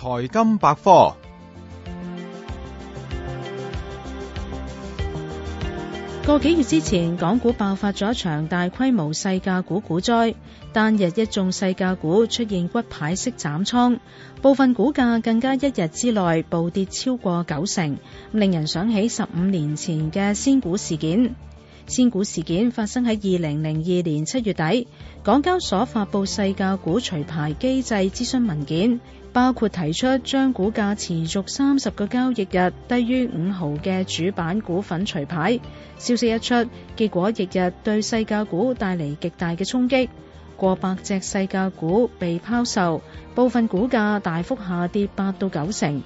財金百科。個幾月之前，港股爆發咗一場大規模細價股股災，單日一眾細價股出現骨牌式斬倉，部分股價更加一日之內暴跌超過九成，令人想起十五年前嘅仙股事件。仙股事件發生喺二零零二年七月底，港交所發布細價股除牌機制諮詢文件，包括提出將股價持續三十個交易日低於五毫嘅主板股份除牌。消息一出，結果翌日，日對細價股帶嚟極大嘅衝擊，過百隻細價股被拋售，部分股價大幅下跌八到九成。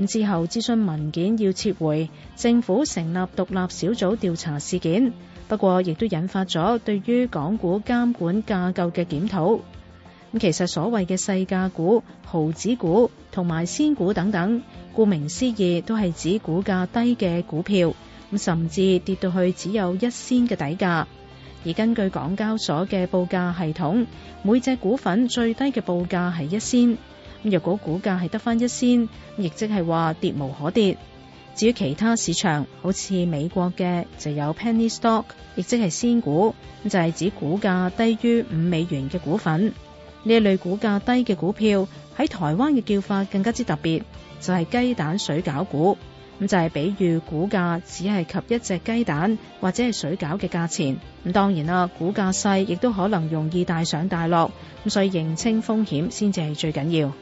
咁之後諮詢文件要撤回，政府成立獨立小組調查事件，不過亦都引發咗對於港股監管架構嘅檢討。咁其實所謂嘅細價股、毫子股同埋仙股等等，顧名思義都係指股價低嘅股票，咁甚至跌到去只有一仙嘅底價。而根據港交所嘅報價系統，每隻股份最低嘅報價係一仙。若果股價係得返一仙，亦即係話跌無可跌。至於其他市場，好似美國嘅就有 Penny Stock，亦即係仙股，就係指股價低於五美元嘅股份。呢類股價低嘅股票喺台灣嘅叫法更加之特別，就係雞蛋水餃股。咁就係比喻股價只係及一隻雞蛋或者係水餃嘅價錢。咁當然啦，股價細亦都可能容易大上大落，咁所以認清風險先至係最緊要。